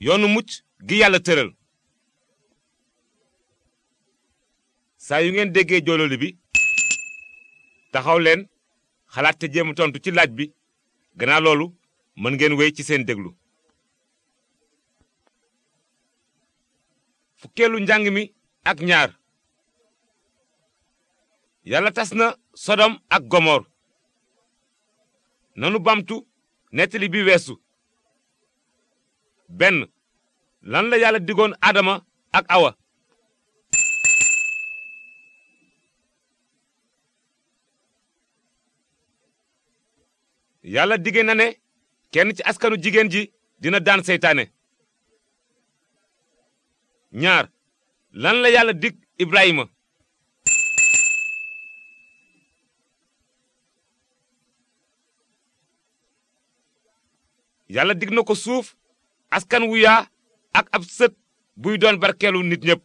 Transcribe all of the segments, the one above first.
yoonu mucc gi yàlla tëral saa yu ngeen déggee joololi bi taxaw leen xalaat te jéem tontu ci laaj bi gannaaw loolu mën ngeen wéy ci seen déglu fukkeelu njàng mi ak ñaar yàlla tas na sodom ak gomor nanu bamtu nettali bi weesu benn lan la yàlla digoon Adama ak Awa. yàlla dige na kenn ci askanu jigéen ji dina daan seytaane. ñaar lan la yàlla dig Ibrahima. yàlla digg na ko suuf askan wu yaa ak ab sët buy doon barkeelu nit ñépp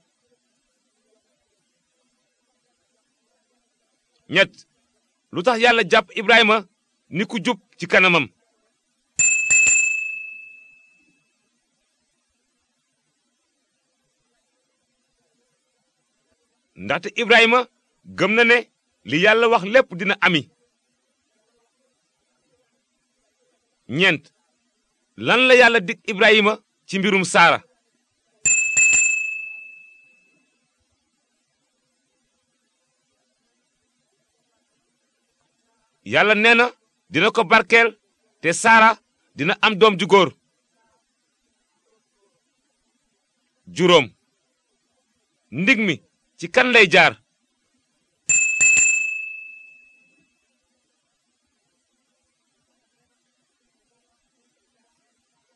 ñett lu tax yàlla jàpp Ibrahima ni ku jub ci kanamam ndaxte Ibrahima gëm na ne li yàlla wax lépp dina ami ñeent lan la yàlla dig Ibrahima ci mbirum Saara. yàlla nee na dina ko barkeel te Saara dina am doom ju góor. juróom ndig mi ci kan lay jaar.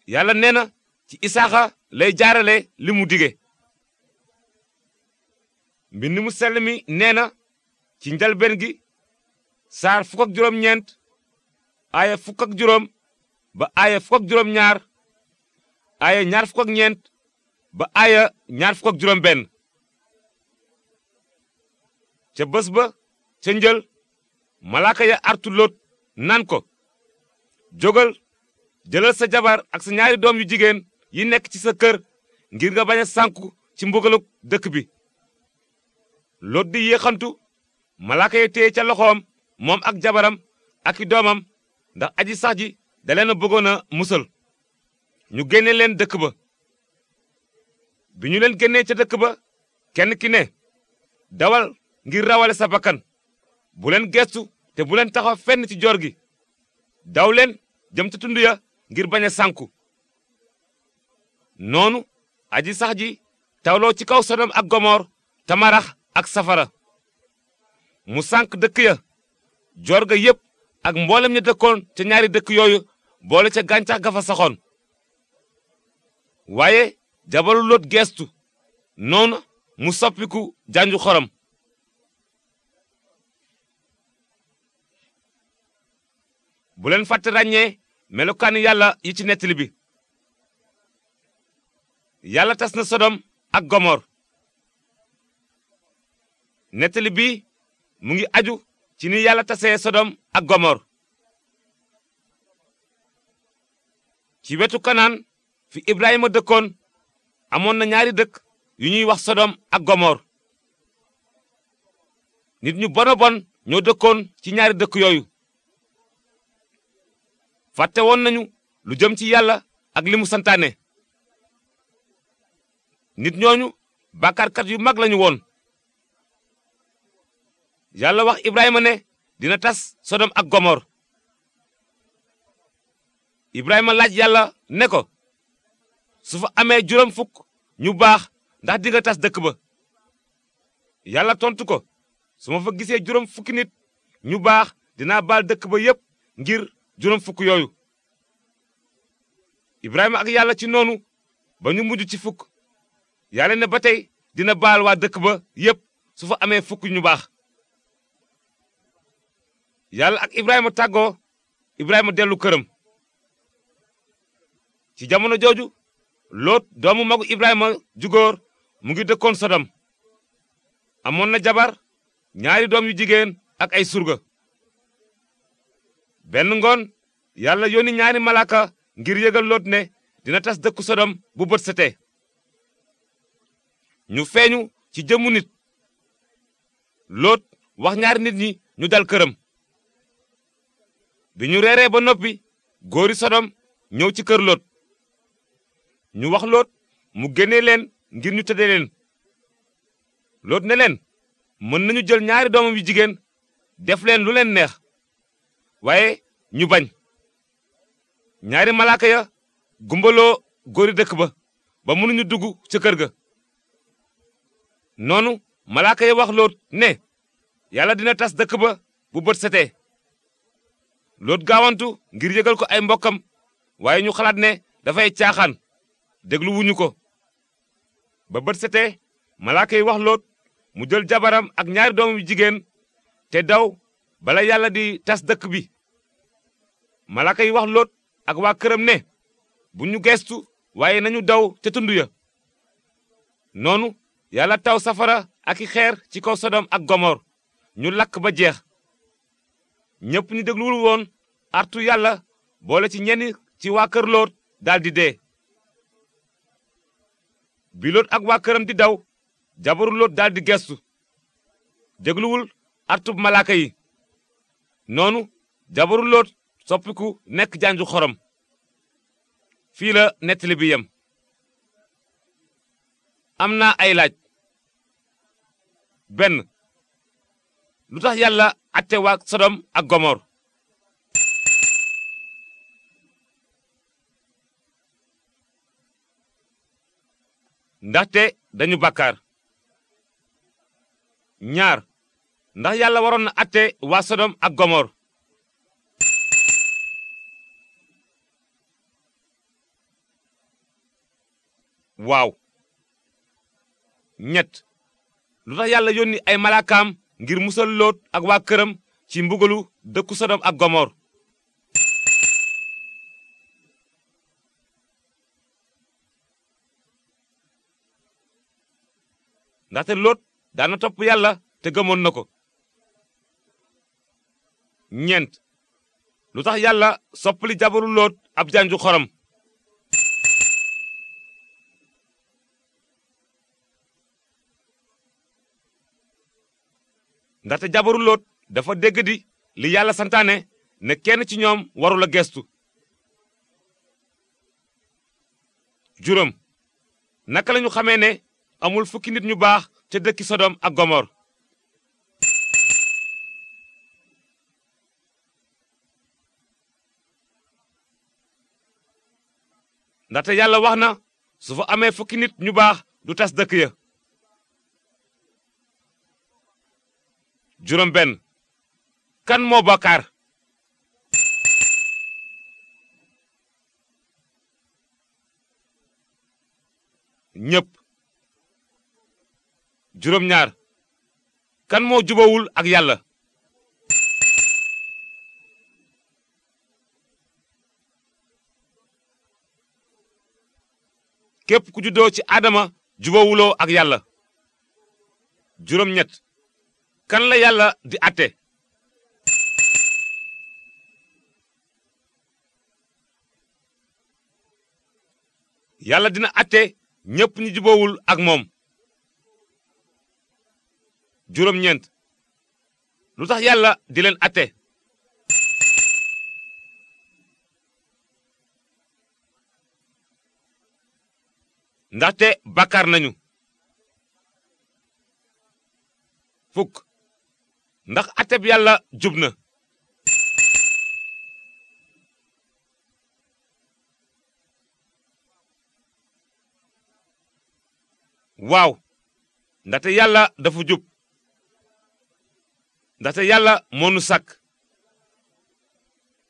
yàlla nee na ci isaaxa lay jaarale li mu dige mbind mu sell mi nee na ci njalbeen gi saar fukk juróom ñeent aaya fukk juróom ba aaya fukk ak juróom ñaar aaya ñaar fukk ñeent ba aaya ñaar fukk juróom benn ca bés ba ca njël malaaka ya artu lot naan ko jógal jëlal sa jabar ak sa ñaari doom yu jigéen yi nekk ci sa kër ngir nga bañ a sànku ci mbugaluk dëkk bi lot di yéexantu malaaka yi téye ca loxoom moom ak jabaram ak i doomam ndax aji sax ji da leen a bëggoon a musal ñu génne leen dëkk ba bi ñu leen génnee ca dëkk ba kenn ki ne dawal ngir rawale sa bakkan bu leen gestu te bu leen taxaw fenn ci joor gi daw leen jëm ca tund ya ngir bañ sànku noonu aji sax ji tawloo ci kaw sodom ak gomoor tamarax ak safara mu sànq dëkk ya ga yépp ak mboolem ña dëkkoon ca ñaari dëkk yooyu boole ca gàncax gafa saxoon waaye jabalu lot geestu noonu mu soppiku janju xorom bu leen fàtte ràññee melokaani yàlla yi ci nettali bi yàlla tas na sodom ak gomor nettali bi mu ngi aju ci ni yàlla tase sodom ak gomor ci wetu kanaan fi ibrahima dëkkoon amoon na ñaari dëkk yu ñuy wax sodom ak gomor nit ñu bona ñoo dëkkoon ci ñaari dëkk yooyu fàtte woon nañu lu jëm ci yàlla ak li mu santaane nit ñooñu bàkkaarkat yu mag lañu woon yàlla wax ibraahima ne dina tas sodom ak gomor ibrahima laaj yàlla ne ko su fa amee juróom fukk ñu baax ndax dinga tas dëkk ba yàlla tontu ko suma fa gisee juróom fukki nit ñu baax dinaa baal dëkk ba yépp ngir juróom fukk yooyu Ibrahima ak yàlla ci noonu ba ñu mujj ci fukk yàlla na ba tey dina baal waa dëkk ba yépp su fa amee fukk ñu baax. yàlla ak Ibrahima tàggoo Ibrahima dellu këram ci jamono jooju Lóot doomu magu Ibrahima ju mu ngi dëkkoon Sodom amoon na jabar ñaari doom yu jigéen ak ay surga benn ngoon yàlla yónni ñaari malaaka ngir yëgal lot ne dina tas dëkku sodom bu bët setee ñu feeñu ci jëmmu nit lot wax ñaari nit ñi ñu dal këram bi ñu reeree ba noppi góori sodom ñëw ci kër lot ñu wax lot mu génnee leen ngir ñu tëddee leen lot ne leen mën nañu jël ñaari doomam yu jigéen def leen lu leen neex waaye ñu bañ ñaari malaaka ya gumbaloo góori dëkk ba ba mënuñu dugg ca kër ga noonu malaaka ya wax lóot ne yàlla dina tas dëkk ba bu bët setee lóot gaawantu ngir yëgal ko ay mbokkam waaye ñu xalaat ne dafay caaxaan dégluwuñu ko ba bët setee malaaka yi wax lóot mu jël jabaram ak ñaari doom jigéen te daw bala yàlla di tas dëkk bi malaaka yi wax lóot ak waa këram ne bu ñu gestu waaye nañu daw ca tund ya noonu yàlla taw safara ak i xeer ci kaw sodom ak gomor ñu lakk ba jeex ñëpp ñu dégluwul woon artu yàlla boole ci ñenn ci waa kër loot daldi dee bi loot ak waa këram di daw jabaru loot daldi gestu dégluwul artub malaaka yi noonu jabaru loot soppiku nekk janju xorom fii la nettali bi yem am naa ay laaj benn lu tax yàlla atte waa sodom ak gomor ndaxte dañu bàkkaar ñaar ndax yàlla waroon na atte waa sodom ak gomor waaw ñett lu tax yàlla yónni ay malaakaam ngir musal lóot ak waa këram ci mbugalu dëkku sodom ak gomor ndaxte loot daana topp yàlla te gëmoon na ko ñeent lu tax yàlla soppali jabaru lóot ab janju xorom ndaxte jabaru lóot dafa dégg li yàlla santaane ne kenn ci ñoom warul a gestu juróom naka lañu xamee ne amul fukki nit ñu baax ca dëkki sodom ak gomor ndaxte yàlla wax na su fa amee fukki nit ñu baax du tas dëkk ya juróom benn kan moo bokkaar ñépp juróom ñaar kan moo jubawul ak yàlla képp ku doo ci aadama jubawuloo ak yàlla juróom ñett kan la yàlla di àtte yàlla dina àtte ñépp ñu juboowul ak moom juróom ñeent lu tax yàlla di leen àtte ndaxte bàkkaar nañu fukk ndax ateb yàlla jub na waaw ndaxte yàlla dafu jub ndaxte yàlla moonu sàkk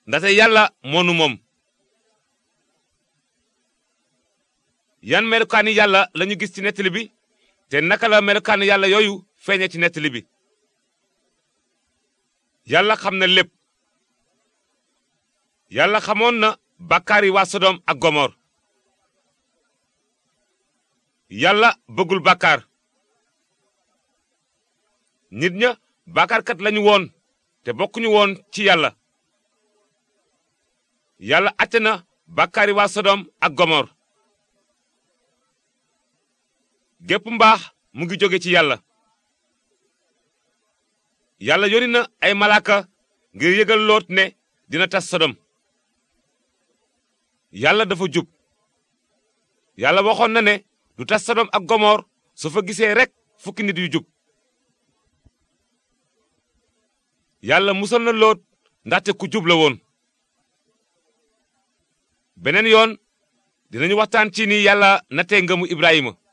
ndaxte yàlla moonu moom yan melukaani yàlla lañu gis ci nettali bi te naka la melukaani yàlla yooyu feeñe ci nettali bi yàlla xam na lépp yàlla xamoon na bàkkaar yi waa Sodom ak gomoor yàlla bëggul bàkkaar nit ña bàkkaarkat lañu woon te bokkuñu woon ci yàlla yàlla àtte na bàkkaari waa Sodom ak gomoor gépp mbaax mu ngi jóge ci yàlla yàlla yónni na ay malaaka ngir yëgal loot ne dina tas sodom yàlla dafa jub yàlla waxoon na ne du tas sodom ak gomoor su fa gisee rek fukki nit yu jub yàlla musal na loot ndaxte ku jub la woon beneen yoon dinañu waxtaan ci ni yàlla natee ngëmu Ibrahima